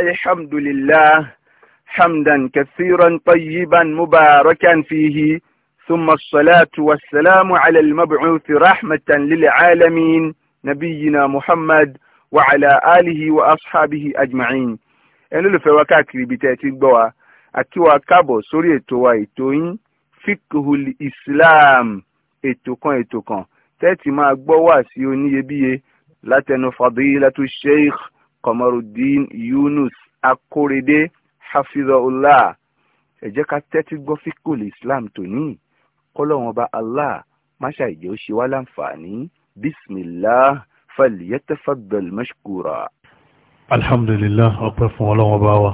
الحمد لله حمدا كثيرا طيبا مباركا فيه ثم الصلاة والسلام على المبعوث رحمة للعالمين نبينا محمد وعلى آله وأصحابه أجمعين إن لو فوا كاكري بتاتي بوا أكوا كابو سوري توي توين فقه الإسلام إتوكون إتوكون تاتي ما بوا سيوني يبيه لتنو فضيلة الشيخ Kọmọrùdín Yunus Akórèdé hafizahullah ẹ jẹ́ ká tẹ́tí gbọ́ fíkùl Islam tòní kọ́lọ́wọ́n ọba Allah máṣá ìjẹ́ ó ṣe wá láǹfààní bismillah falyatafaddal mashkura. alhamdulillah ọpẹ́ fún ọlọ́wọ́n ọba wa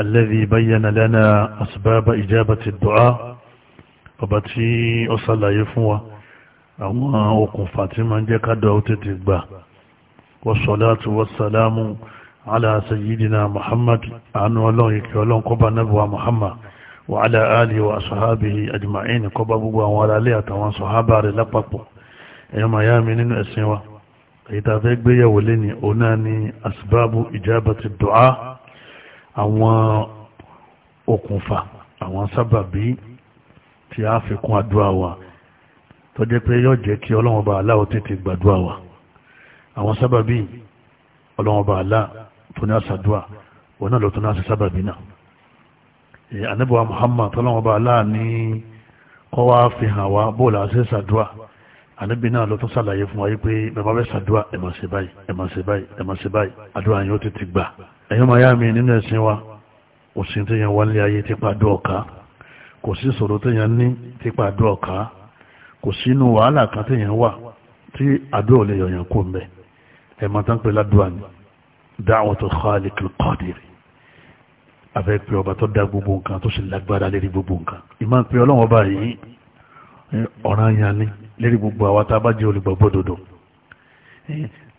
alladhi bayyana lana asbaba ijabati du'a ọba tí ó ṣàlàyé fún wa àwọn okùnfà tí máa ń jẹ́ ká dọ̀ ó tètè gbà. والصلاة والسلام على سيدنا محمد عن الله يكيولون قبى نبوى محمد وعلى آله وأصحابه أجمعين قبى بوى وعلى ليه توان صحابة لقبه إما يامنين أسنوا إذا ذيك بي وليني أناني أسباب إجابة الدعاء أو أقنفة أو سببي tí a fi kún àdúrà wa tó jẹ́ pé yóò jẹ́ kí ọlọ́run bá aláwọ̀ tètè gbàdúrà wa àwọn sábàbí ọlọ́wọ́n bá àlá tó ní àṣàdúà wọn náà lọ tó àṣà sábàbí náà anábíwá Muhammad tọ́lọ́wọ́n bá àlá ní kọ́ wá fi hàn wá bóòlù àṣẹ ṣàdúà anábí náà lọ tó ṣàlàyé fún wa yí pé bàbá bẹ́ ṣàdúà ẹ máa ṣe báyìí ẹ máa ṣe báyìí ẹ máa ṣe báyìí àdúrà yẹn ó ti ti gbà ẹ̀yọ́ máa yá mi nínú ẹ̀sìn wa òsìn tó yẹn wá ní ayé tipa àdúrà ọ̀ká kò sí ìṣòro tó ní tipa àdúrà ọ̀ká kò sínú wàhálà kan tó wà tí àdúrà lè yọ̀yàn kó ń bẹ́ẹ̀ ẹ̀mọ́ tán pè ládùúgbà ni da'watul khaliqil qadir abẹ́ pé ọba tó dá gbogbo nǹkan tó sì lágbára lérí gbogbo nǹkan ìmọ̀ pé ọlọ́run ọba yìí ọ̀ràn yẹn ni lérí gbogbo àwa tá a bá jẹ́ olùgbàgbọ́ dodo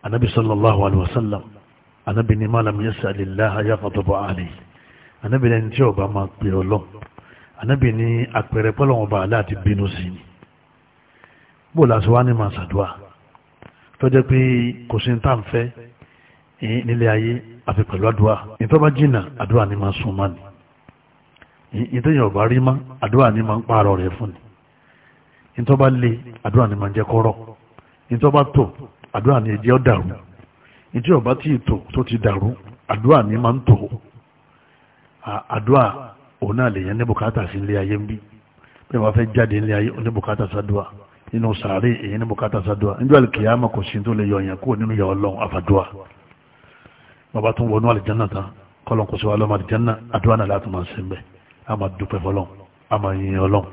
anabi sallallahu alayhi wa sallam anabi ni ma lam yas'alillaha yaghdabu alayhi anabi ni tí ọba máa pè ọlọ́run anabi ni àpẹẹrẹ pọ́lọ́run aláàtì bínú sí ni bó làásù ní màá tó jẹ́ pé kò sí ní táǹfẹ́ eh, nílé ayé àfi pẹ̀lú àdúrà ìtọ́ bá jìnnà àdúrà ni máa sún mọ́ni ìtẹ́yìn eh, ọ̀bá rí má àdúrà ni máa ń pààrọ̀ rẹ̀ fún ni ìtọ́ bá le àdúrà ni máa ń jẹ́ kọ́rọ̀ ìtọ́ bá tò àdúrà ni ẹ̀jẹ̀ dàrú ìtí ọ̀bá tí ìtò tó ti dàrú àdúrà ni máa ń tò àdúrà òun náà lè yẹn ní bùkátà sí ilé ayé ń bí bí wọ́n fẹ́ jáde ilé ayé oníbùkátà sádùà nínú sàárè èyí ní bukata sadua níjọ́ alìkìyàmà kò sí tó lè yọ ọ̀yàn kúrò nínú yàwó lọ́wọ́ àfàdùà bàbá tó ń wọnú àlìjánà tán kọ́lọ̀ kò sí wa lọ́mọ àlìjánà àdúrà náà láti máa ṣe ń bẹ̀ a máa dúpẹ́ fọlọ́n a máa yin ọlọ́n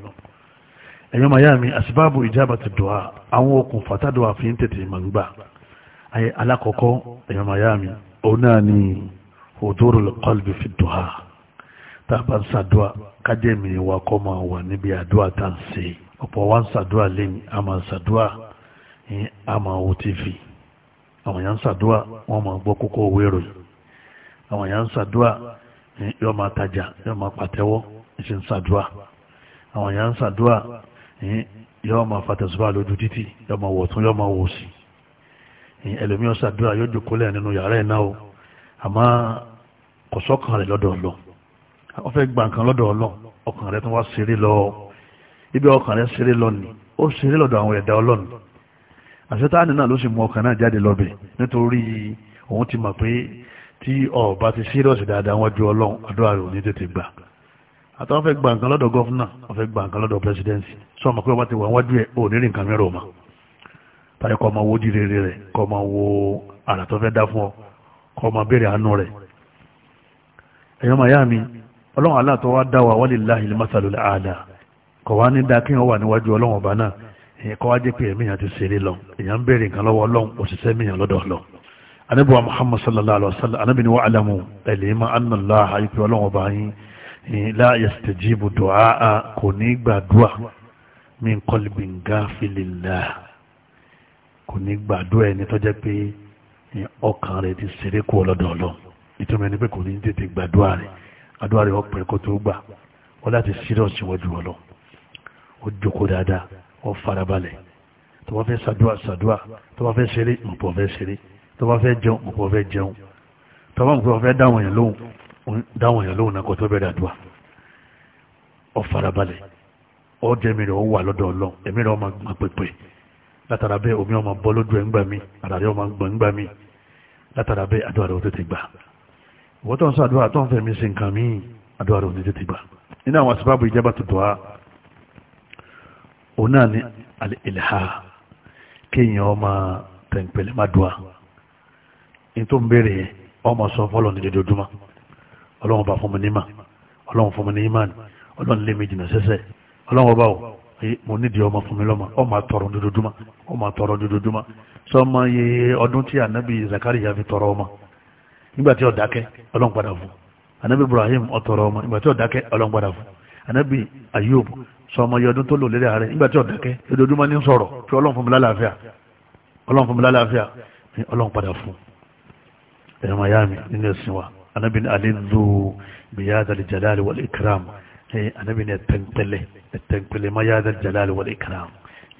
ẹ̀yọ́ màá yá mi àsìbáàbù ìjábàtì dùà àwọn okùn fàtàdùà fi ń tètè mà ń gbà ayé alákọ̀ọ́kọ́ ẹ̀yọ́ màá mi òun ni òdòrò kọ́lbì fi dùà tá a bá ń sàdùà ọ̀pọ̀ wa ń ṣàdúrà lẹ́yìn a máa ṣàdúrà a máa wo tv àwọn èèyàn ń ṣàdúrà wọ́n máa gbọ́ kókó owó ìròyìn àwọn èèyàn ń ṣàdúrà yóò máa tajà yóò máa pàtẹ́wọ́ ṣe ń ṣàdúrà àwọn èèyàn ń ṣàdúrà yóò máa fàtẹ̀síwá lójú títì yóò máa wọ̀tún yóò máa wòsì ẹlòmíràn ṣàdúrà yóò jòkólẹ̀ nínú yàrá ẹ̀ náà o àmọ́ kọ̀sọ́kàn rẹ̀ lọ́dọ̀ ọlọ́ ọ fẹ́ gba nǹkan lọ́dọ̀ ọlọ́ ọkàn rẹ̀ tó wá ṣeré lọ́ọ́ ibi ọkàn rẹ ṣeré lọ́ni ó ṣeré lọ́dọ̀ àwọn ẹ̀dá ọlọ́ni àṣetáàni náà ló sì mú ọkàn náà jáde lọ́bẹ̀ nítorí òun ti mọ̀ pé tí ọba ti sírọ̀sì dáadáa wọn ju ọlọ́run àdúrà rẹ̀ ò ní tètè gbà àtàwọn fẹ́ gba nǹkan lọ́dọ̀ gọ́fúnà wọ́n fẹ́ gba nǹkan lọ́dọ̀ pẹ́sidẹ́ǹsì sọ ma pé ọba ti wà wájú ẹ̀ ò ní rí nǹkan mìíràn ọ̀ma tàbí kọ́ ma wo ojú rẹ̀ kọ́ ma wo àrà tó fẹ́ dá fún ọ kọ́ ma béèrè àánú rẹ̀ ẹ̀yọ́ màyá mi ọlọ́run aláàtọ̀ wa dá wa wálé láhìlì masalul àdá kọ̀ wá ní dáa kí wọ́n wà níwájú ọlọ́run ọba náà èyàn kọ́ wá jẹ́ pé ẹ̀mí yàn ti ṣeré lọ èyàn ń béèrè nǹkan lọ́wọ́ ọlọ́run òṣìṣẹ́ mi yàn lọ́dọ̀ lọ. anábìwá muhammad sallallahu alayhi wa sallam anábì ni wọ́n alamu ẹ̀lẹ́mà anàláha ìpè ọlọ́run ọba yín láàyè sítẹ̀jìbù dùá kò ní gbàdúà mí kọ́lìbìn gáfìlélá kò ní gbàdúà ẹni tó jẹ́ pé ọkàn rẹ̀ ti ṣeré kú ọlọ́dọ̀ lọ ìtumọ̀ ẹni pé kò ní tètè gbàdúà rẹ̀ àdúà rẹ̀ ọ̀pẹ̀ kó tó gbà wọ́n láti sírọ̀ọ̀sì wọ́jú ọlọ́run ó jókòó dáadáa ó farabalẹ̀ tó bá fẹ́ ṣàdúrà ṣàdúrà tó bá fẹ́ ṣeré mọ̀pọ̀ fẹ́ ṣeré tó bá fẹ́ jẹun mọ̀pọ̀ fẹ́ jẹun tó bá mọ̀pọ̀ fẹ́ dáwọn èèyàn lóhùn dáwọn èèyàn lóhùn nàkọ́ tó bẹ̀rẹ̀ àdúrà ó farabalẹ̀ ó jẹ́ mi rẹ̀ ó wà lọ́dọ̀ ọlọ́run èmi rẹ̀ ó máa gbọ́n pépè látara bẹ́ẹ̀ omi ọmọ bọ́ lójú ẹ̀ ń gbà mí àrà rẹ̀ gbọ́n gbà mí látara bẹ́ẹ̀ àdúrà rẹ̀ ó tètè gbà ìwọ́n tó sọ àdúrà tó ń fẹ́ mi sí nǹkan míì àdúrà rẹ̀ ó tètè gbà nínú àwọn àsìbáàbù ìjábà tó dùn òun náà ni àlèhà kéèyàn ọmọ tẹ̀m̀pẹ̀lẹ̀ má dùn à ní tó ń béèrè yẹn ọmọ sọ fọlọ́ ní dojoojúmọ́ ọlọ́run bá fún mi ní ọlọ́run fún mi ní ìmánì ọlọ́run lé mi jìnnà ọlọ́run ọba o mo nídìí ọmọ fún mi lọ́mọ ọmọ àtọ̀rọ̀ dojoojúmọ́ ọmọ àtọ̀rọ̀ dojoojúmọ́ sọmọ iye ọdún tí zakariya fi tọrọ ọmọ nígbà tí ó dákẹ́ ọlọ́run ibrahim ó tọrọ ọmọ nígbà tí ó dákẹ́ ọlọ́run ayub sọmọ yọdún tó lò lérí ààrẹ nígbà tí ọ̀dẹ́kẹ́ lójoojúmọ́ ní sọ̀rọ̀ fi ọlọ́run fún mi lálàáfíà ọlọ́run fún mi lálàáfíà ní ọlọ́run padà fún ẹ̀rọ ayá mi nínú ẹ̀sìn wa anábì ní alẹ́lú bíyáàdàlì jàdáàlì wal ikram anábì ní ẹ̀tẹ̀ǹpẹ̀lẹ̀ ẹ̀tẹ̀ǹpẹ̀lẹ̀ má yáàdàlì jàdáàlì wal ikram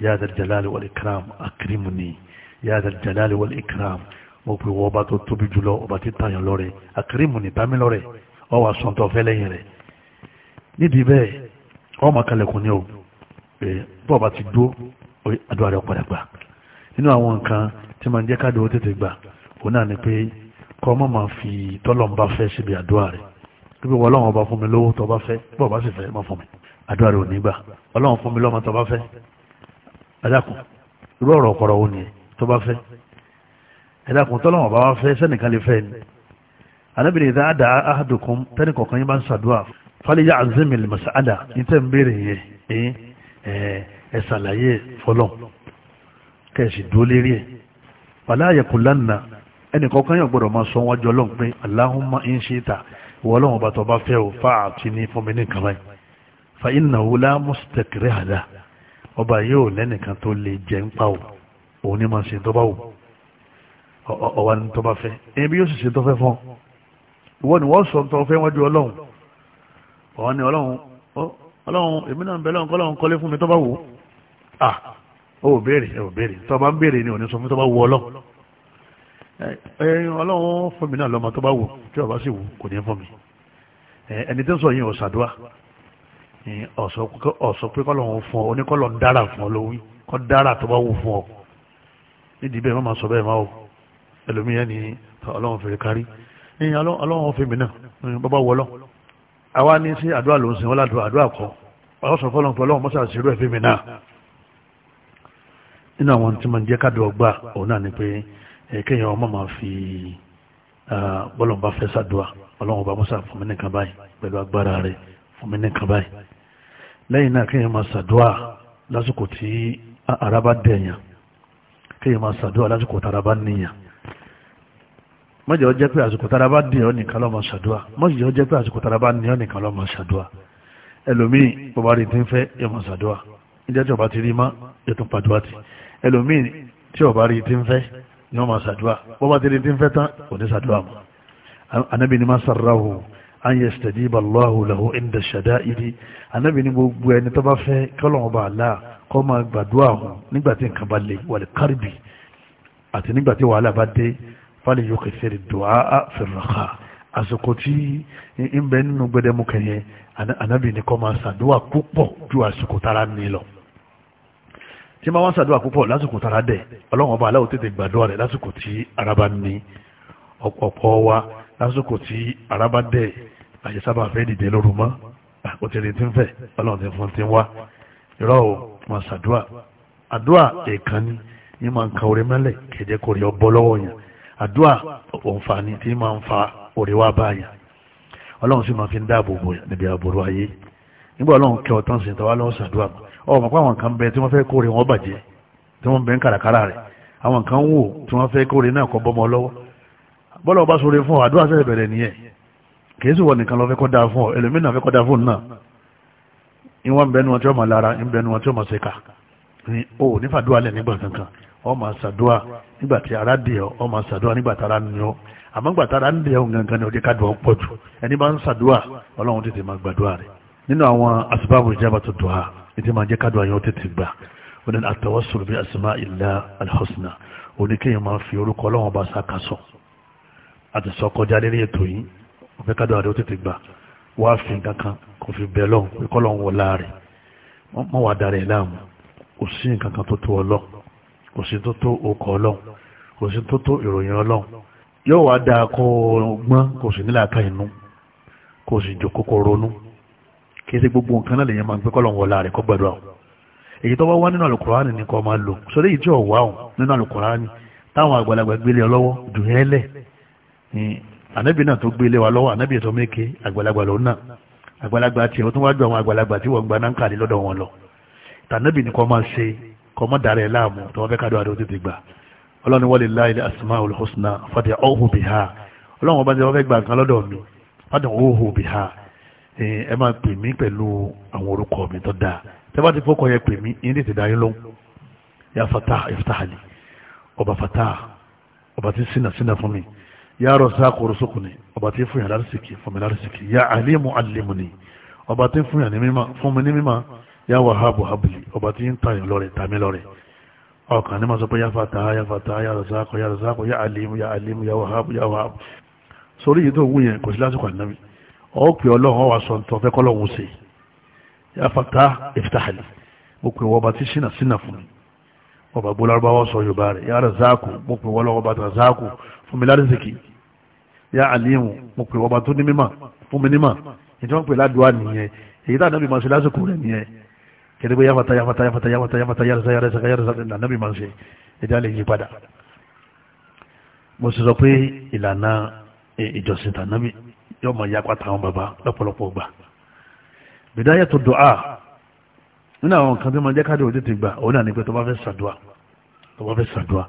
yáàdàlì jàdáàlì wal ikram akírímù ni yáàdàlì ọ ma kalẹ̀kùn ni o bọ́ọ̀bá ti dó àdúrà rẹ̀ padà gbà nínú àwọn nǹkan tí ma ń jẹ́ káàdì ó tètè gbà òun náà ni pé kọ́ ọmọ máa fi tọ́lọ̀ ń bá fẹ́ síbi àdúrà rẹ̀ bí wọ́n ọlọ́run ọba fún mi lówó tó bá fẹ́ bọ́ọ̀bá sì fẹ́ má fún mi àdúrà rẹ̀ ò ní gbà ọlọ́run fún mi lọ́mọ tó bá fẹ́ ẹ̀dàkùn irú ọ̀rọ̀ ọ̀pọ̀rọ̀ wo ni tó bá fẹ́ ẹ̀dàkùn tọ́lọ́run ọba wá fẹ́ sẹ́nìkan lè fẹ́ ni anábìrin ìdá àdá àhàdùkún tẹ́nìkọ̀ọ̀kan yín bá ń ṣàdúrà fàlẹ́yà azimil mas'ala níta ń béèrè yẹn ẹ ṣàlàyé fọlọ́ kẹ̀sì dúró lérí ẹ̀ wàlá yakulanna ẹnì kọ̀ọ̀kan yóò gbọ́dọ̀ máa sọ wọn jọ lọ́n pé Allahumma in shi'ta ìwọ lọ́wọ́n bá tọ́ bá fẹ́ o fa àti ní fún mi ní nǹkan báyìí fa innahu la mustakriha la ọba yóò lẹ́nìkan tó lè jẹ́ ń pa o òun ní máa ṣe tó bá wù ọ̀wá ní tó bá fẹ́ ẹni bí yóò sì ṣe tó fẹ́ fún ọ ọ̀hún ni ọlọ́run ọlọ́run èmi náà ń bẹ lọ́run kọ́lọ́run kọ́lé fún mi tó bá wù ú ó ò béèrè ẹ ò béèrè tó ń béèrè ni ò ní sọ fún tó bá wù ọlọ́ ọlọ́run fún mi náà lọ́mọ tó bá wù tí ọba sì wù kò ní fún mi ẹni tó sọ yìí ò ṣàdúrà ọ̀sọ̀ pé kọ́lọ́run fún ọ oníkọ́lọ́ ń dára fún ọ lówí kọ́ dára tó bá fún ọ nídìí bẹ́ẹ̀ má máa sọ bẹ́ẹ̀ má ni ọlọ́run fèrè kárí ọlọ́run fún mi àwa ní sí àdúrà ló ń sin wọ́n ládùúrà àdúrà kọ́ ọ̀rọ̀ sọ fọ́lọ́n pé ọlọ́run mọ́sà ṣerú ẹ̀fẹ́ mi náà nínú àwọn tí ma ń jẹ́ kádùn ọgbà òun náà ni pé kéèyàn ọmọ máa fi bọ́lọ̀n bá fẹ́ sàdúà ọlọ́run ọba mọ́sà fún mi nìkan báyìí pẹ̀lú agbára rẹ̀ fún mi nìkan báyìí lẹ́yìn náà kéèyàn mọ́jọ́ jẹ́ pé àsìkò tára bá dìyàn nìkan lọ́mọ ṣàdúà mọ́jọ́ jẹ́ pé àsìkò tára bá nìyàn nìkan lọ́mọ ṣàdúà ẹlòmíì bọ́bá rí ti ń fẹ́ yọmọ ṣàdúà ìjẹ́ tí ọba ti rí mọ́ ètò pàdúà ti ẹlòmíì tí ọba rí ti ń fẹ́ yọmọ ṣàdúà bọ́bá ti rí ti ń fẹ́ tán kò ní ṣàdúà mọ́ anábì ni má sàráhù an yastajiba Allahu lahu inda shada'idi anábì ni gbogbo ẹni tó bá fẹ́ kọ́lọ́mọba fàlẹ̀ yóò kẹsẹ̀ rẹ̀ dùn á fẹ̀rẹ̀ká àsìkò tí ń bẹ nínú gbẹdẹmukẹ yẹn anábì ní kọ́ máa ṣàdúrà púpọ̀ ju àsìkò tára ní lọ tí máa wá ṣàdúrà púpọ̀ lásìkò tára dẹ̀ ọlọ́run ọba aláwọ̀ tètè gbàdúrà rẹ̀ lásìkò tí ara bá ní ọ̀pọ̀ wa lásìkò tí ara bá dẹ̀ àyẹ̀sábà fẹ́ dìde lóru mọ́ òtẹ̀lẹ̀ tí ń fẹ́ ọlọ́run ti fún ti ń wá irọ́ o máa ṣàdúrà ni ní máa ń ka orí mẹ́lẹ̀ kẹjẹ àdúà òǹfààní tí máa ń fa òrè wá báyà ọlọ́run sì máa fi ń dáàbò bò níbi àbòrò ayé nígbà ọlọ́run kẹ ọ̀tán sí ìtawá lọ́wọ́ sàdúà ọ̀ mọ̀ pé àwọn kan bẹ tí wọ́n fẹ́ kórè wọn bàjẹ́ tí wọ́n bẹ ń kàràkàrà rẹ̀ àwọn kan wò tí wọ́n fẹ́ kórè náà kọ́ bọ́mọ lọ́wọ́ bọ́lá ọba sọ̀rọ̀ fún ọ àdúrà sẹ́yìn bẹ̀rẹ̀ nìyẹn kìí sì wọ nìkan lọ fẹ́ kọ́ da fún ọ ni o ní fàdúrà lẹ̀ nígbà kankan ọ máa ṣàdúrà nígbà tí ara dì ọ ọ máa ṣàdúrà nígbà tí ara ní ọ àmọ́ nígbà tí ara ń dì ọ gangan ni ó jẹ́ ká dùn ọ pọ̀ jù ẹni bá ń ṣàdúrà ọlọ́run tètè máa gbàdúrà rẹ̀ nínú àwọn asbábù ijabatu du'a ètí máa jẹ́ kádùn àyàn tètè gbà ó ní at-tawassul bi asma'illah al-husna ó máa fi orúkọ ọlọ́run bá sàkásọ̀ àti sọ kọjá lérí ètò yìí ó kò sí nǹkan kan tó tó ọlọ́ kò sí tó tó okọ̀ ọlọ́ kò sí tó tó ìròyìn ọlọ́ yóò wá dáa kó gbọ́n kò sí nílàáká inú kò sì jòkó kó ronú kí ṣe gbogbo nǹkan náà lèyàn máa ń pẹ́ kọ́ lọ́wọ́ láàrẹ̀ kọ́ gbàdúrà o èyí tó bá wá nínú àlùkùránì ní kọ́ máa lò sórí èyí tí ò wá o nínú àlùkùránì táwọn àgbàlagbà gbélé ọ lọ́wọ́ dùn ẹ́ lẹ̀ ànábì náà tó gbélé wa lọ́wọ́ ànábì tó méke àgbàlagbà lòun àgbàlagbà tiẹ̀ ó tún wá ju àwọn àgbàlagbà tí wọ́n gbaná ń kàlí lọ́dọ̀ wọn lọ tànàbì ni kò máa ṣe kò máa dàrẹ́ láàmú tó wọ́n fẹ́ ká dọ́wọ́ tètè gbà ọlọ́run ni walillahil asmaul husna fad'uhu biha ọlọ́run ọba ní wọ́n fẹ́ gbà nǹkan lọ́dọ̀ mi fad'uhu biha ẹ máa pè mí pẹ̀lú àwọn orúkọ mi tó dáa tẹ́ bá ti fọ́kọ̀ yẹ pè mí yín tètè dá yín lóhùn ya fatah iftahali ọba fatah ọba ti sínà sínà fún mi ya razaq ursuqni ọba yá wàhábù habili ọba tí ń tàyàn lọ́rẹ̀ tàmí lọ́rẹ̀ ọkàn ní ma sọ pé yá fata yá fata yá razaako yá razaako yá alimu yá alimu yá wàhábù yá wàhábù sórí yìí tó wù yẹn kò sí lásìkò ànábì ọ pè ọlọ́run wà sọ ntọ́ fẹ́ kọ́lọ́hún sí yá fata ìfitahali mo pè wọ́n ọba tí sínà sínà fún mi ọba gbọ́ lárúbáwọ́ sọ yorùbá rẹ̀ yá razaako mo pè wọ́n ọlọ́run ọba tó ní mímà kẹ́lẹ́ bó yáfata yáfata yáfata yáfata yáfata yárasa yárasa yárasa nànàbì máa ń ṣe ẹ̀dá lè yí padà mo sì sọ pé ìlànà ìjọsìn tànàbì yóò máa yá pátá àwọn bàbá lọ́pọ̀lọpọ̀ gbà bìdáyà tó dùn á nínú àwọn nǹkan tó máa jẹ́ káàdì òtítì gbà òun náà ní pé tó bá fẹ́ sàdúà tó bá fẹ́ sàdúà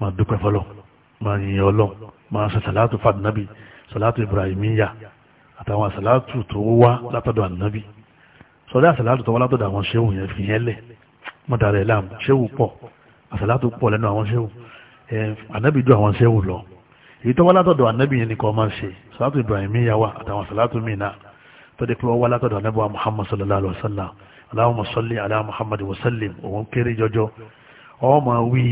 máa dúpẹ́ fọlọ́ máa yìn ọlọ́ máa ṣe sàlátù fàdùnábì sàlátù ibrahimiya àtàwọn sàlátù tó wá látọ̀dọ̀ ànábì sọdá àsàlátù tọwọ́ látọ̀dọ̀ àwọn ṣéwù yẹn fi yẹn lẹ̀ mọ́tàrà ẹ̀ láàmú ṣéwù pọ̀ àsàlátù pọ̀ lẹ́nu àwọn ṣéwù ẹ̀ ànábì ju àwọn ṣéwù lọ èyí tọwọ́ látọ̀dọ̀ ànábì yẹn nìkan máa ń ṣe sàlátù Ibrahimiyya wà àtàwọn sàlátù míì náà tọ́dẹ̀ pé wọ́n wá látọ̀dọ̀ ànábì wa Muhammad sallallahu alayhi wa sallam Allahumma salli ala Muhammad wa sallim òun kéré jọjọ ọmọ wí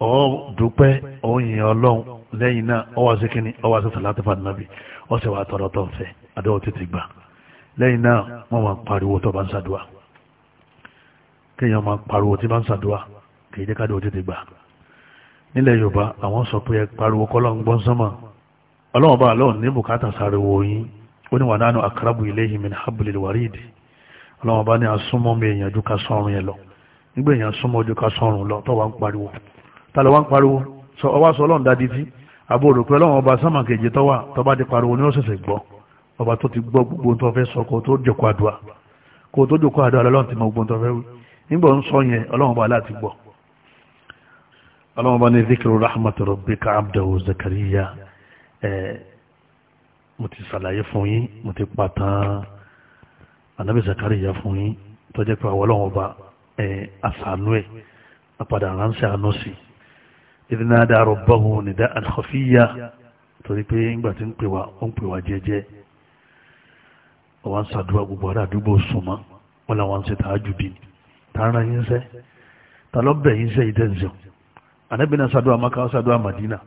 ọ dúpẹ́ òyìn ọlọ́run lẹ́yìn náà ọwọ́ sí kíní ọwọ́ sí sàlátù fún ànábì ọ̀sẹ̀ wà tọ̀rọ̀tọ̀ fẹ́ adéwọ̀ tètè gbà lẹ́yìn náà wọ́n máa pariwo tó bá ń sàdúwà kéèyàn máa pariwo tí bá ń sàdúwà kì í jẹ́ káàdì òtítì gbà nílẹ̀ yorùbá àwọn sọ pé ẹ pariwo kọ́lọ́ ń gbọ́n sánmà ọlọ́run bá lọ́ọ̀ ní bùkátà sàrẹ̀wò yín ó ní wàdánù àkàràbù ilayhi min hablil warid ọlọ́run bá ní asúnmọ́ mi èèyàn ju ká sọ́run yẹn lọ nígbà èèyàn súnmọ́ ju ká sọ́run lọ tó wà ń pariwo ta ló wà ń pariwo ọwọ́ sọ ọlọ́run dá ti àbúrò pé ọlọ́run ọba sánmà kejì tọ́wà tọ́ba ti pariwo ní ó gbọ́ ọba tó ti gbọ́ gbogbo tó fẹ́ sọ kó tó jòkó àdúrà kó tó jòkó àdúrà lọ́lọ́run ti mọ gbogbo tó fẹ́ wí nígbà ń sọ yẹn ọlọ́run láti gbọ́ ọlọ́run ní zikiru rahmatu rabbika abdahu zakariya ẹ̀ mo ti sàlàyé fún yín mo ti pàtàn anabi zakariya fún yín tó jẹ́ pé àwọn ọlọ́run ọba ẹ̀ àṣàánú ẹ̀ apadà ránṣẹ́ àánú sí ìdínádà rabbahu nida'an khafiyya torí pé ńgbà tí ń pè wá ń pè wá jẹ́jẹ́ wọ́n ṣàdúrà gbogbo ará àdúgbò súnmọ́ wọ́n làwọn ṣe tààjù bí tààrà yín sẹ́ tàlọ́bẹ̀ yín sẹ́ ìtẹ́sẹ̀ ànábì náà ṣàdúrà maka ṣàdúrà madina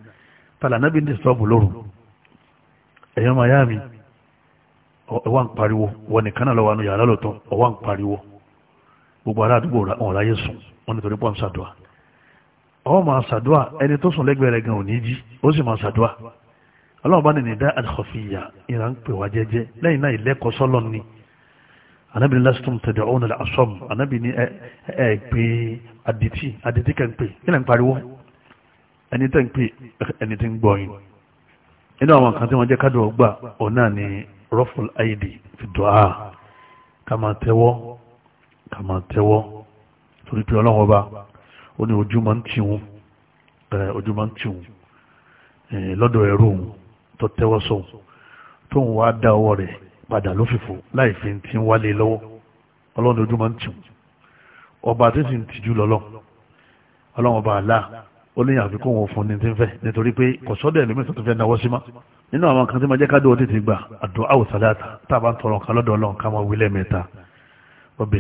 tàlà ànábì ní sọ́ọ̀bù lóru ẹ̀yọ́ miami ọwọ́ ń pariwo wọ́n nìkan náà lọ́wọ́ yàrá lọ́tọ́ ọwọ́ ń pariwo gbogbo ará àdúgbò wọn láyé sùn wọn nítorí pọ́n ṣàdúrà ọ máa ṣàdúrà ẹni tó sùn lẹ́gbẹ̀ẹ́ gan ò jí ó sì máa ṣàdúrà ọlọ́run bá ní nìdá àdìkọ̀fìyà ìran ń pè wá jẹ́jẹ́ lẹ́yìn náà ìlẹ́kọ̀ọ́ sọ́lọ́ ni anabi lastum tẹ̀dẹ̀ ọ̀hún nílẹ̀ asọ́m anabi ní ẹ ẹ pé adití adití kẹ́ ń pè kílẹ̀ ń pariwo ẹni tẹ́ ń pè ẹni tí ń gbọ́yìn inú àwọn kan tí wọ́n jẹ́ kádùn ọgbà òun náà ni rọ́fùl àìdì fi dùá ká máa tẹ́wọ́ ká máa tẹ́wọ́ torí pé ọlọ́run ọba ó ní ojú máa ń tì tó tẹ́wọ́ sóhun tóun wá dá ọwọ́ rẹ̀ padà lófìfo láì fi ti ń wálé lọ́wọ́ ọlọ́run ojú máa ń tì ọba tí sì ń tìjú lọ́lọ́ ọlọ́run ọba àlá ó ní àfikún òun fún ní ti ń fẹ́ nítorí pé kò sọ́dọ̀ ẹ̀lú mẹ́ta tó fẹ́ náwó sí má nínú àwọn kan tí máa jẹ́ ká dúró títí gbà àdúà àwòsàdáàtà tá a bá ń tọrọ nǹkan lọ́dọ̀ ọlọ́run ká máa wí lẹ́ẹ̀mẹ́ta rọ́bì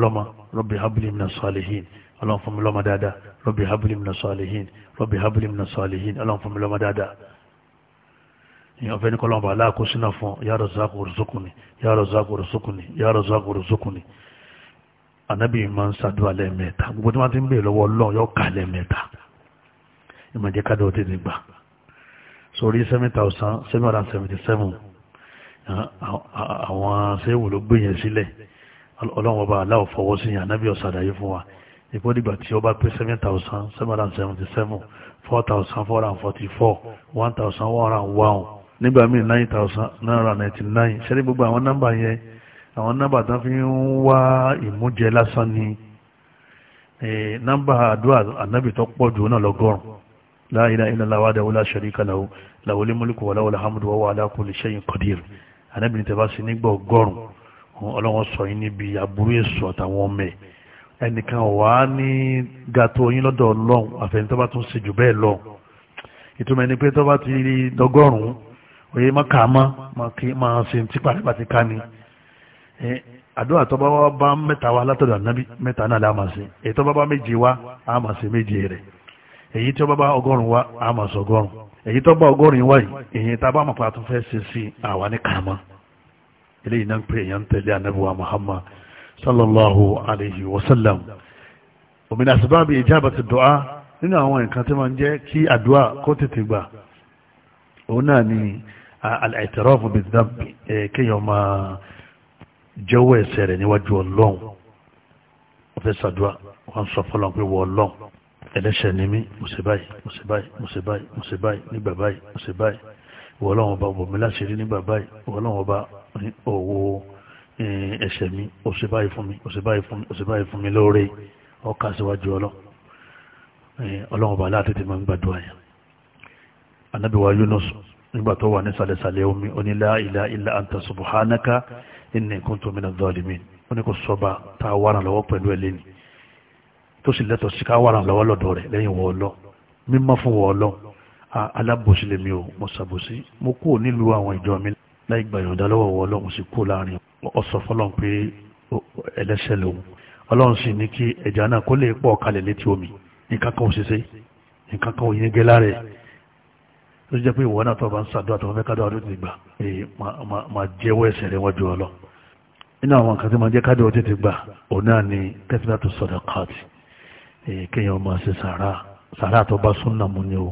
ṣìrì rabbi habli mina salihin ọlọ́run fún mi lọ́mọ dáadáa rabbi habli mina salihin rabbi habli mina salihin ọlọ́run fún mi lọ́mọ dáadáa ìyàn fẹ́ ní kọ́lọ́mù bá aláàkó sínú fún ya razaq urzuqni ya razaq urzuqni ya razaq urzuqni anabi ma ń sàdúrà lẹ́ẹ̀mẹ́ta gbogbo tí wọ́n ti ń bèèrè lọ́wọ́ ọlọ́run yóò kà lẹ́ẹ̀mẹ́ta ìmọ̀jẹ́ ká dọ̀ọ́ tètè gbà sórí seven thousand seven hundred and seventy seven àwọn sẹ́wò ló gbé yẹn sílẹ̀ ọlọ́run ọba aláwọ̀ fọwọ́ sí yàn nábì ọ̀sàdáyé fún wa ìpò dìgbà tí ó bá pé seven thousand seven hundred seventy seven four thousand four hundred forty four one thousand one hundred and one nígbà míì nine thousand nine hundred and nine ṣẹ́ni gbogbo àwọn nọ́mbà yẹn àwọn nọ́mbà tán fi ń wá ìmújẹ lásán ni nọ́mbà àdúrà ànábì tó pọ̀ jù náà lọ́gọ́rùn-ún la ilaha illallah wahdahu la sharika lahu lahul mulku wa lahul hamdu wa huwa ala kulli ànábì ní tẹ́ sí nígbà ọgọ́rùn-ún ọlọ́wọ́n sọ yín níbi aburú èso àtàwọn ọmọ ẹ̀ ẹnìkan wà á ní gàtó yín lọ́dọ̀ ọlọ́run àfẹ́ni tó bá tún ṣe jù bẹ́ẹ̀ lọ ìtumọ̀ ẹni pé tó bá ti rí dọ́gọ́rùn-ún òye má kà á má máa ṣe ti pàtìpàtì ká ni àdúrà tó bá wá bá mẹ́ta wá látọ̀dọ̀ ànábì mẹ́ta náà láàmà sí èyí tó bá bá méje wá àmà sí méje rẹ̀ èyí tó bá bá ọgọ́rùn wá àmà sọgọ́rùn èyí tó bá ọgọ́rùn wá yìí èyí tá a bá mọ̀ pé a tún fẹ́ ṣe sí àwa ní kàmá eléyìí náà ń pè èèyàn tẹ̀lé anábíwá muhammad sallallahu alayhi wa sallam òmìnira sábàbí ìjábàtì dùá nínú àwọn nǹkan tí wọ́n jẹ́ kí àdúrà kó tètè gbà òun náà ni al-i'tiraf bid-dhanb kéèyàn máa jẹ́wọ́ ẹ̀ṣẹ̀ rẹ̀ níwájú ọlọ́run wọ́n fẹ́ sàdúrà wọ́n sọ fọlọ́n pé wọ́n ọlọ́run ẹlẹ́ṣẹ̀ ni mí mo ṣe báyìí mo ṣe báyìí mo ṣe wọ́n lọ́wọ́ bá bòmí láṣìírí ní bàbá yìí wọ́n lọ́wọ́ bá owó ẹsẹ̀ mi òṣè báyìí fún mi òṣè báyìí fún mi òṣè báyìí fún mi lóore ọkà síwájú ọlọ́wọ́ eh, bá aláàtì ti máa ń gbàdúrà yẹn Ànábì Yunus nígbà tó wà ní sàlẹ̀sàlẹ̀ omi oní la ilaha illa anta subhanaka inni kuntu minaz zalimin oní kò sọba tá a wàràn lọ́wọ́ pẹ̀lú ẹ̀ lẹ́ni tó sì lẹ́tọ̀ọ́ sí ká wàràn lọ́wọ́ lọ́dọ̀ rẹ̀ lẹ́yìn wọ́ọ́lọ́ mímọ́ fún wọ́ọ́lọ́ alábòsí lèmi o mo ṣàbòsí mo kúrò nílùú àwọn ìjọ mi láì gba ìyọ̀ǹda lọ́wọ́ wọ ọlọ́run sì kúrò láàrin ọ sọ fọlọ́run pé ẹlẹ́ṣẹ̀ lòun ọlọ́run sì ní kí ẹja náà kó lè pọ̀ kalẹ̀ létí omi nǹkan kan ò ṣe ṣe nǹkan kan ò yẹn gẹ́ lára ẹ̀ ó jẹ́ pé ìwọ náà tó bá ń ṣàdúrà tó fẹ́ kádọ́ àdúrà gbà ee máa jẹ́wọ́ ẹ̀ṣẹ̀ rẹ wájú ọlọ nínú àwọn nǹkan tí máa jẹ́ kádọ́ tètè gbà òun náà ni kẹ́sìlá tó sọ̀dọ̀ káàtì kéèyàn máa ṣe sàrà sàrà tó bá súnà mú ni o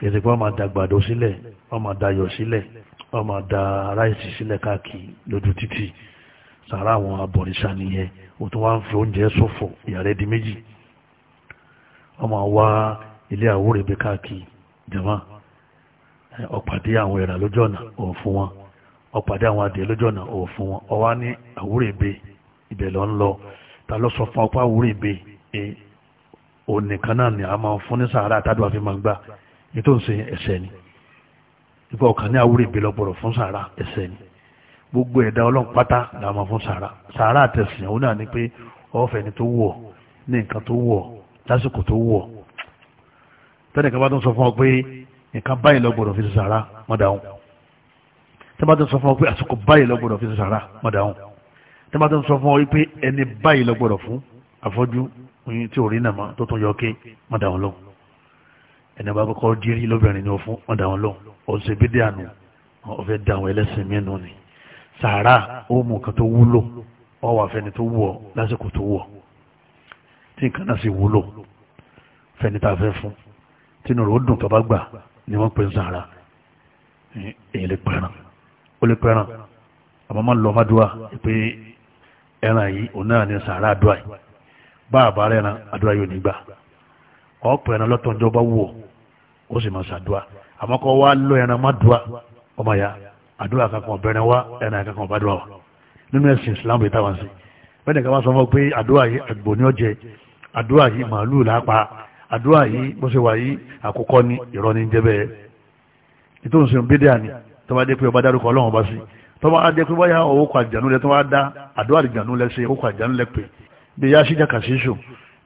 kèsì pé wọ́n máa da gbàdo sílẹ̀ wọ́n máa da yọ̀ sílẹ̀ wọ́n máa da ráìsì sílẹ̀ káàkiri lójú títì sàrà àwọn abọ̀rìṣà nìyẹn o tún wá ń fi oúnjẹ ṣòfò ìyàrá di méjì wọ́n máa wá ilé àwòrán bí káàkiri jẹ̀mọ́ ọ̀pàdé àwọn ẹ̀rà lójú ọ̀nà òun fún wọn ọ̀pàdé àwọn adìẹ lójú ọ̀nà òun fún wọn ọwá ní àwúrẹ̀ ìbè ibẹ̀ lọ ni a máa fún ètò ń ṣe ẹ̀ṣẹ̀ ni ìgbà ọ̀kan ní awúrẹ́ ìbílẹ̀ ọ̀pọ̀lọ̀ fún sàárà ẹ̀ṣẹ̀ ni gbogbo ẹ̀dá ọlọ́run pátá la máa fún sàárà sàárà àtẹ̀sìn òun náà ni pé ọ̀fẹ́ ni tó wọ̀ ní nǹkan tó wọ̀ lásìkò tó wọ̀ tẹ́nìkan bá tó ń sọ fún ọ pé nǹkan báyìí lọ gbọ́dọ̀ fi ṣe sàárà mọ́ dáhùn tẹ́nìkan bá tó ń sọ fún ọ pé àsìkò báyìí lọ gbọ́dọ̀ fi ṣe sàárà mọ́ dáhùn tẹ́nìkan bá tó ń sọ fún ọ pé ẹni báyìí lọ gbọ́dọ̀ fún àfọ́jú tí ò rí nàmọ́ tó tún yọ ké mọ́ dáhùn lóhùn ẹni bá kọ́kọ́ dírí lóbìnrin ní òfún ọ̀dà wọn lọ ọ̀sẹ̀ bídẹ́ àná ọ̀fẹ́ da àwọn ẹlẹ́sìn mẹ́nu ni sàárà òmù kan tó wúlò wọ́n wà fẹ́ni tó wù ọ́ lásìkò tó wù ọ́ tí nǹkan náà sì wúlò fẹ́ni tá a fẹ́ fún tínú rẹ̀ ó dùn tó bá gbà ni wọ́n pè ń sàárà èyí lè pẹ́ràn ó lè pẹ́ràn àmọ́ máa ń lọ mádùá pé ẹran yìí òun náà ní sàárà àdúrà yìí bá àbá rẹ̀ ran àdúrà yóò nígbà ọ̀pọ̀ ẹran lọ́tọ̀ ìjọba wù ọ́ ó sì máa ṣàdúà àmọ́ kọ́ wá lọ ẹran má dùà ọmọ ya àdúrà kankan ọ̀bẹ̀rẹ̀ wá ẹran kankan ọ̀bàdúrà wa nínú ẹ̀sìn Islam bíi táwọn sí bẹ́ẹ̀ ká bá sọ fún ọ pé àdúrà yìí àgbò ní ọ̀jẹ̀ àdúrà yìí màálù làápa àdúrà yìí bó ṣe wà yìí àkókò ní ìrọ́ ní jẹ́ bẹ́ẹ̀ ètò ìsìn bídíà ni tó bá dé pé ọba dárúkọ ọlọ́run ọba sí tó bá dé pé báyà owó kọ àjànú lẹ tó bá dá àdúrà àjànú lẹ ṣe owó kọ àjànú lẹ pé bí yá síjà kàṣíṣù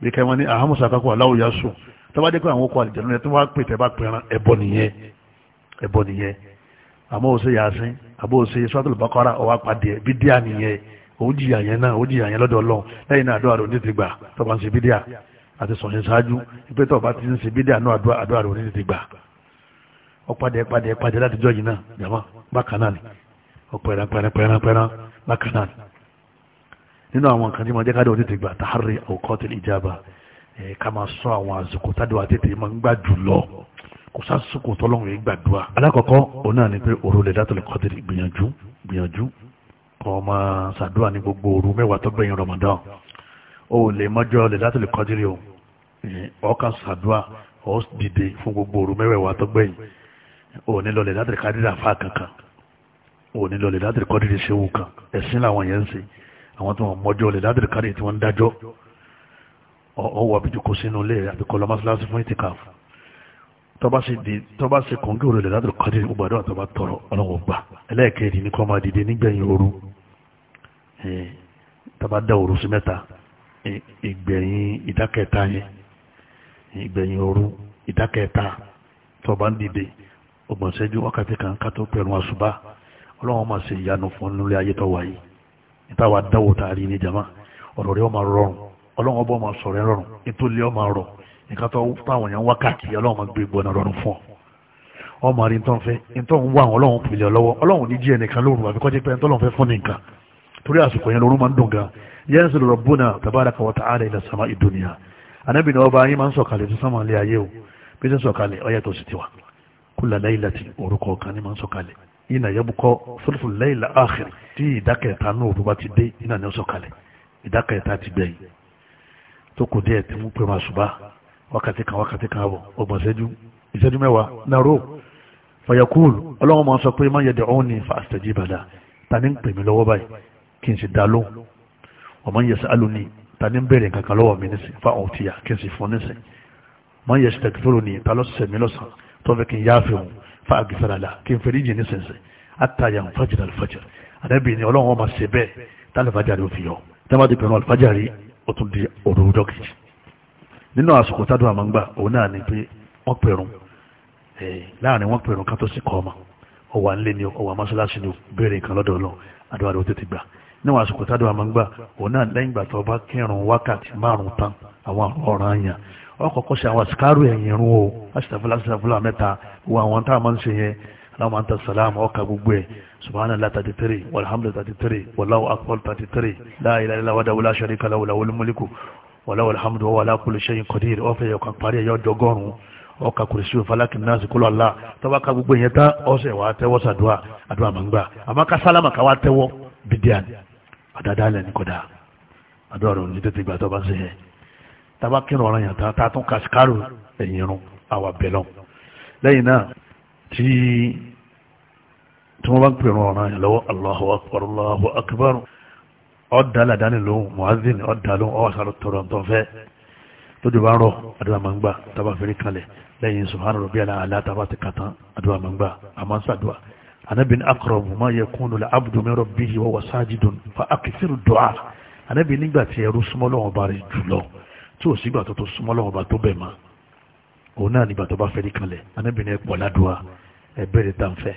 bí kẹ́ wọ́n ní ahamusa kakọ́ aláwọ̀ yá sùn tó bá dé pé àwọn okò àlìjẹ̀nu rẹ̀ tó wá pè tẹ́ bá pẹ̀ràn ẹbọ nìyẹn ẹbọ nìyẹn àmọ́ òsè yasin àbó òsè sọ́tòlù bàkọ́rà ọwọ́ àpàdé bídíà nìyẹn òun jìyà yẹn náà òun jìyà yẹn lọ́dọ̀ ọlọ́run lẹ́yìn náà àdúrà rò ní ti gbà tó bá ń ṣe bídíà àti sọ̀yìn ṣáájú pé tó bá ti ń ṣe bídíà náà àdúrà ní ti gbà ni ọ̀pẹ̀rẹ̀ pẹ̀rẹ̀ pẹ̀rẹ̀ nínú àwọn kan tí ma jẹ́ kádọ̀ tètè gbà tahari awqatil ijaba ká máa sọ àwọn àsìkò tádùá tètè máa ń gbà jù lọ kò sásìkò tọ́lọ́run yìí gbàdúrà. alákọ̀ọ́kọ́ òun náà ni pé òru lè dátọ̀ lè kọ́tìrì gbìyànjú gbìyànjú kọ́ máa ṣàdúrà ní gbogbo òru mẹ́wàá tó gbẹ̀yìn Ramadan o lè mọ́jọ́ lè dátọ̀ lè kọ́tìrì o ọkà ṣàdúrà ọ dìde fún gbogbo òru àwọn tó wọn mọjọ lè ládìrí kárí tí wọn ń dájọ ọwọ àbíjú kò sínú ilé àbíkọ lọ mọsálásí fún ìtìká tọba ṣe kọńgé òrò lè ládìrí kárí gbogbo àdó àtọba tọrọ ọlọwọ gbà ẹlẹ́ẹ̀kejì ní kọ́ máa dìde nígbẹ̀yìn òru tọba dá òru sí mẹ́ta ìgbẹ̀yìn ìdákẹ́ta yẹn ìgbẹ̀yìn òru ìdákẹ́ta tọba ń dìde ọgbọ̀nsẹ́jú wákàtí kan ká tó àṣùbá ọlọ́wọ́n máa ṣe ìyanu fún nílé ayé ìtawà dáwò tààrí ní jama ọ̀rọ̀ rẹ̀ ọmọ rọrùn ọlọ́run ọba ọmọ sọ̀rọ̀ ẹ rọrùn ètò ilé ọmọ rọ nǹkan tó táwọn èèyàn wá káàkiri ọlọ́run máa gbé gbọ́nà rọrùn fún ọ ọmọ rí ntọ́ fẹ́ ntọ́ ń wá àwọn ọlọ́run pìlẹ̀ lọ́wọ́ ọlọ́run ní jíẹ̀ nìkan lóru àbíkọ́ jẹ́ pé ntọ́lọ́run fẹ́ fún nìkan torí àsìkò yẹn lóru máa ń dùn gan yẹn sì lọ́rọ̀ bùnà tabaraka wa ta'ala ila sama'i dunya anábìnrin ọba yín máa ń sọ̀kalẹ̀ tó sánmà lé ayé o bí ó ti sọ̀kalẹ̀ ó yàtọ̀ sí tiwa kula laylati orúkọ kan ní máa ń sọ̀kalẹ̀ Ina yẹ́bùkọ́ sọ́lọ́sọ́ lẹ́yìn àkìr tí ìdákẹ́ta náà òru bá ti dé iná ni ó sọ̀kalẹ̀ ìdákẹ́ta ti gbẹ̀yìn tó kù díẹ̀ tí mú pé máa ṣùbá wákàtí kan wákàtí kan àbọ̀ ọgbọ̀n ìṣẹ́jú ìṣẹ́jú mẹ́wàá nàró fàyàkúùlù ọlọ́run máa sọ pé má yẹ dẹ̀ọ́n ní fàṣẹ̀jì ìbàdà ta ní ń pè mí lọ́wọ́ báyìí kí n sì dá lóhùn ọmọ yẹ sí alóni kankan lọ́wọ́ mi nísìn fa ọ̀hún tìyà kí n sì fún nísìn má yẹ sí tẹ̀kítọ́rọ̀ ní ta lọ́sẹ̀ mi lọ́sàn fa àgìfẹ́rẹ́lá kí n fèrè yìí ní sẹ̀nsẹ̀ àtàyà ń fàjìrì àlùfàjìrì àdẹ́bì ni ọlọ́run ọmọ ṣe bẹ́ẹ̀ tálífàjàrí òfin yọ tẹ́mọ́tì pẹ̀lú àlùfàjàrí ó tún di òru ọjọ́ kejì nínú àsìkò tádùn àmàǹgbà òun náà ni pé wọ́n pẹ̀rùn láàrin wọ́n pẹ̀rùn ká tó sì kọ́ ọmọ ọwà ńlẹ̀ ni ọwà mọ́ṣáláṣí ni béèrè kan lọ́dọ̀ ọlọ́run àdúrà rẹ̀ ó tètè gbà níwọ̀n àsìkò tádùn àmàǹgbà òun náà lẹ́yìn ìgbà tó bá kírun wákàtí márùn-ún tán àwọn ọkọ̀ọ̀kọ̀ ṣe àwọn àsìkárù ẹ̀yìn irun o aṣètàfúlà aṣètàfúlà mẹ́ta wo àwọn tá a máa ń ṣe yẹn aláwọ̀ àǹtà sàlámù ọkà gbogbo ẹ̀ subhanallah thirty three walhamdulilah thirty three wallahu akbar thirty three la ilaha illa wàdà wàlá sharika lahu wàlá mulku wàlá alhamdu wàlá kulli shay'in qadir ọ̀fẹ́ yẹ kan parí ẹ̀yọ́ dọ́gọ́rùn-ún ọkà kùrìsì òfàlákì náà sì kúlọ̀ ọ̀la tọ́ba ka gbogbo yẹn tán ọ̀sẹ̀ wà á tẹ́wọ́ sàdúà àdúà màgbà àmọ́ àdúrà tàbá kírun ọ̀ràn yàn tán tá a tún kàṣíkárò ẹ̀yìn irun àwà bẹ̀lọ̀ lẹ́yìn náà tí tí wọ́n bá ń pèrún ọ̀ràn yàn lọ́wọ́ Allahu akbar Allahu akbar ọ̀dà làdáni lòun muazzin ọ̀dà lòun ọ̀wà sàrò tọrọ tó fẹ́ tójú bá ń rọ àdúrà máa ń gbà tàbá fèrè kalẹ̀ lẹ́yìn subhana rabbiyal a'la tàbá ti kàtán anabi nígbà tí ẹrú súnmọ́ lọ́wọ́ bá rẹ̀ jùlọ tí ò sígbà tó tó súnmọ́ lọ́wọ́ bá tó bẹ̀ mọ́ òun náà nígbà tó bá fẹ́ rí kalẹ̀ anábìnrin ẹ̀pọ̀ ládùá ẹ̀bẹ̀rẹ̀ tá n fẹ́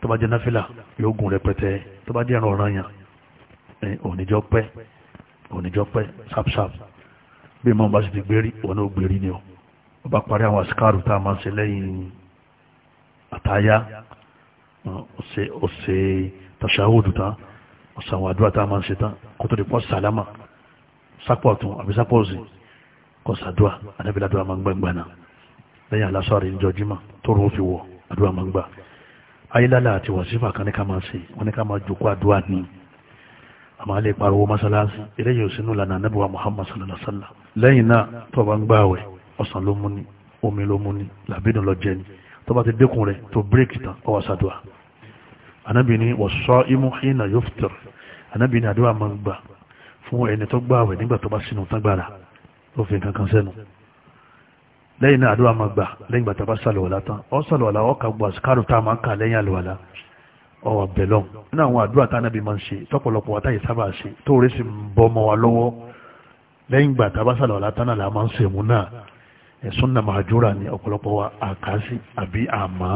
tó bá jẹ́ náfìlà yóò gùn rẹpẹtẹ tó bá jẹ́ ẹran ọ̀ràn yàn òníjọ́ pẹ́ òníjọ́ pẹ́ sapsap bí mọ́ bá sì ti gbérí òun náà gbérí ni ó ó bá parí àwọn àsìkáàrù tá a máa ṣe lẹ́yìn àtàyà ọ̀sẹ̀ tàṣàhùdù tán ọ̀sàwọn àdúrà tá a máa ṣe tán kó kó sàdúà anábìlá àdúrà máa ń gbà gbà náà lẹ́yìn alásọ̀rọ̀ ìjọ jímọ̀ tó rún fi wọ̀ àdúrà máa ń gbà ayélálà àti wàsífà kan ní ká máa ṣe wọn ní ká máa jòkó àdúrà ní àmọ́ alẹ́ pariwo mọ́sálásí eléyìí ò sínú lànà anábìwá Muhammad sallallahu alaihi wasallam lẹ́yìn náà tó bá ń gbà wẹ̀ ọ̀sán ló mú ni omi ló mú ni làbínú lọ jẹ ni tó bá ti dẹ́kun rẹ̀ tó bírèkì tán ọwọ́ sàdúà anábì ní wọ̀sọ́ imú hínà yóò fìtẹ̀rẹ̀ anábì ní àdúrà máa ń gbà fún ẹni tó gbà wẹ̀ nígbà tó bá sínú tágbára ó fi nǹkan kan sẹ́nu lẹ́yìn náà àdúrà máa gbà lẹ́yìn gbàtà bá sàlùwàlá tán ọ sàlùwàlá ọ kà gbọ́ àsìkárù tá a máa ń kà lẹ́yìn àlùwàlá ọ wà bẹ̀lọ́n nínú àwọn àdúrà tá anábì máa ń ṣe tọ́pọ̀lọpọ̀ wa táyì sábà ṣe tó orí sì ń bọ́ ọmọ wa lọ́wọ́ lẹ́yìn gbàtà bá sàlùwàlá tán náà la máa ń ṣe mú náà ẹ̀sùn náà máa jóra ní ọ̀pọ̀lọpọ̀ wa àkásí àbí àmọ́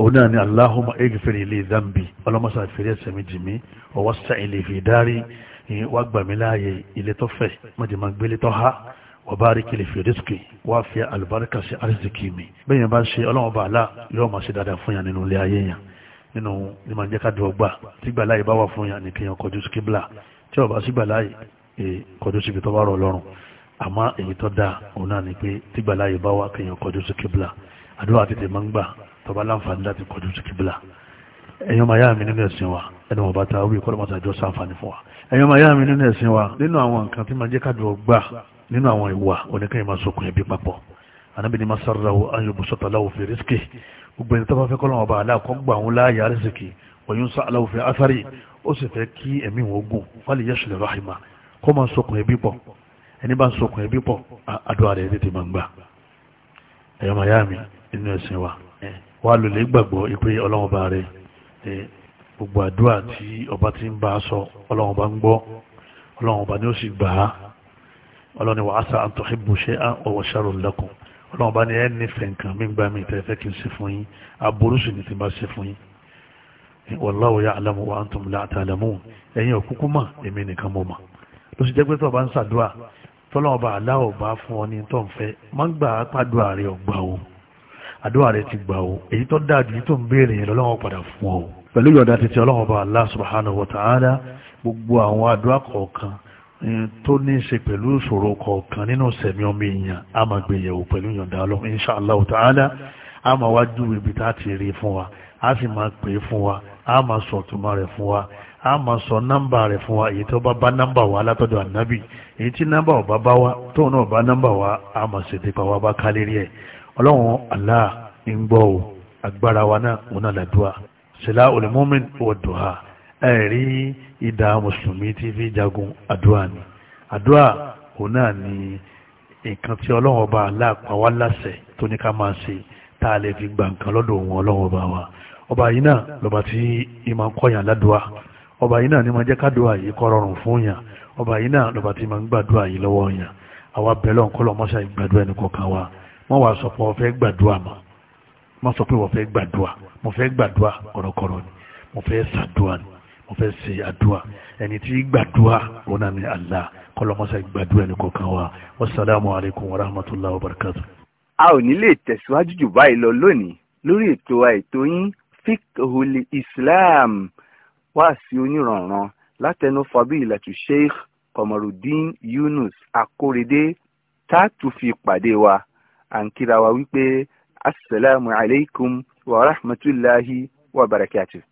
òun náà ni Allahumma igfir li dhanbi ọlọ́mọṣà ìfẹ́rẹ́ ẹ̀sẹ̀ mi jì mí ọwọ́ sàìlè fi wá gbà mí láàyè ilé tó fẹ̀ mọ̀jẹ̀mọ̀ gbélé tó há wa bariki li fi rizqi wá fi àlùbáríkà sí àrísìkì mi bẹ́ẹ̀ yẹn bá ń ṣe ọlọ́run bá la yóò máa ṣe dáadáa fún yàn nínú ilé ayé yàn nínú ní máa ń jẹ́ ká dùn ọgbà tígbà láyè bá wà fún yàn ní kéèyàn kọjú sí kíbla tí ọba sígbà láyè e, kọjú síbi tó bá rọ̀ lọ́rùn àmọ́ èyí tó dáa òun náà ni pé tígbà láyè bá wà kéèyàn kọjú sí kíbla àdúrà tètè máa ń gbà tó láǹfààní láti kọjú sí kíbla ẹ̀yin ọmọ ayá mi nínú ẹ̀sìn wa ẹni wọn bá ta orí ìkọ́lọ́ mọ́ta ìjọ sáǹfààní fún wa ẹ̀yin ọmọ ayá mi nínú ẹ̀sìn wa nínú àwọn nǹkan tí máa jẹ́ ká dùn gbà nínú àwọn ìwà oníkẹ́yìn máa sokùn ẹbí papọ̀ anábì ní masarrahu an yubsata lahu fi rizqi gbogbo ẹni tó bá fẹ́ kọ́ lọ́wọ́ bá aláàkọ́ rahima kó máa sokùn ẹbí pọ̀ ẹni bá ń sokùn ẹbí pọ̀ àdúrà rẹ̀ tètè wa wà lólè gbàgbọ́ ìpè ọlọ́wọ́ bá rẹ̀ gbogbo àdúrà tí ọba ti ń bá a sọ ọlọ́run ọba ń gbọ́ ọlọ́run ọba ni ó sì gbà á ọlọ́run ni wàá sá àtọ̀hìbù ṣe á ọwọ́ ṣàrò lẹ́kùn ọlọ́run ọba ni ẹ nífẹ̀ẹ́ nǹkan mí gbá mi tẹ́fẹ́ kí n ṣe fún yín aburú sì ni ti bá ṣe fún yín wallahu ya'lamu wa antum la ta'lamun ẹ̀yin òkúkú mà èmi nìkan mọ̀ mà ló sì jẹ́ pé tọ́ba ń ṣàdúrà tọ́lọ́run ọba aláwọ̀ bá fún ọ ní tọ́ǹfẹ́ má gbà á pàdúrà rẹ̀ ọgbà òun àdúrà rẹ ti gbà o èyí tó dáa ju èyí tó ń béèrè yẹn lọ́wọ́ padà fún ọ pẹ̀lú yọ̀dá títí ọlọ́wọ́ bá Allah subhanahu wa ta'ala gbogbo àwọn àdúrà kọ̀ọ̀kan tó ní í ṣe pẹ̀lú ìṣòro kọ̀ọ̀kan nínú sẹ̀mí ọmọ èèyàn a máa gbé yẹ̀wò pẹ̀lú yọ̀dá ọlọ́wọ́ insha Allah ta'ala a máa wá júwe ibi tá a ti rí fún wa a sì máa pè é fún wa a máa sọ ọ̀túnmá rẹ̀ fún wa a máa sọ nọ́mbà rẹ̀ fún wa èyí tó bá bá nọ́mbà wa látọ̀dọ̀ ànábì èyí tí nọ́mbà ò bá wa tóun náà bá nọ́mbà wa a máa ṣètìpá wa bá kálé rí ọlọ́run Allah ní ń gbọ́ o agbára wa náà òun náà làdúrà ṣẹlá olùmọ́mìn wọ̀dùhà ẹ̀rí ìdá mùsùlùmí tí fi jagun àdúrà ni àdúrà òun náà ni nǹkan tí ọlọ́run ọba Allah pa wá láṣẹ tó ní ká máa ṣe tá a lè fi gba nǹkan lọ́dọ̀ òun ọlọ́run ọba wa ọba yìí náà lọ́ba tí ìmọ̀ ń kọ́yàn ládùúà ọba yìí náà ni máa jẹ́ kádùúà yìí kọ́ rọrùn fún yàn ọba yìí náà lọ́ba tí máa ń gbàdúà yìí lọ́wọ́ yàn àwa bẹ̀rẹ̀ ọ̀nkọ́lọ́ mọ́ṣáì gbàdúà wa wọ́n wá sọ pé wọ́n fẹ́ gbàdúrà mọ́ wọ́n sọ pé wọ́n fẹ́ gbàdúrà mo fẹ́ gbàdúrà kọ̀rọ̀kọ̀rọ̀ ni mo fẹ́ sàdúrà ni mo fẹ́ ṣe àdúrà ẹni tí gbàdúrà ọ̀nà ni Allah kọlọmọsà gbàdúrà ẹni kọ̀ọ̀kan wa wasalaamu alaykum wa rahmatulahi wa barakatu. a ò ní lè tẹ̀síwájú jù báyìí lọ lónìí lórí ètò àìtó yín fiqhul islam wá sí onírànran látẹnu fadilatu sheikh Kọmọrùdín Yunus Akórèdé tá a tún fi pàdé wa à ń kíra wa wípé asalaamu alaykum wa rahmatulahi wa barakatuh.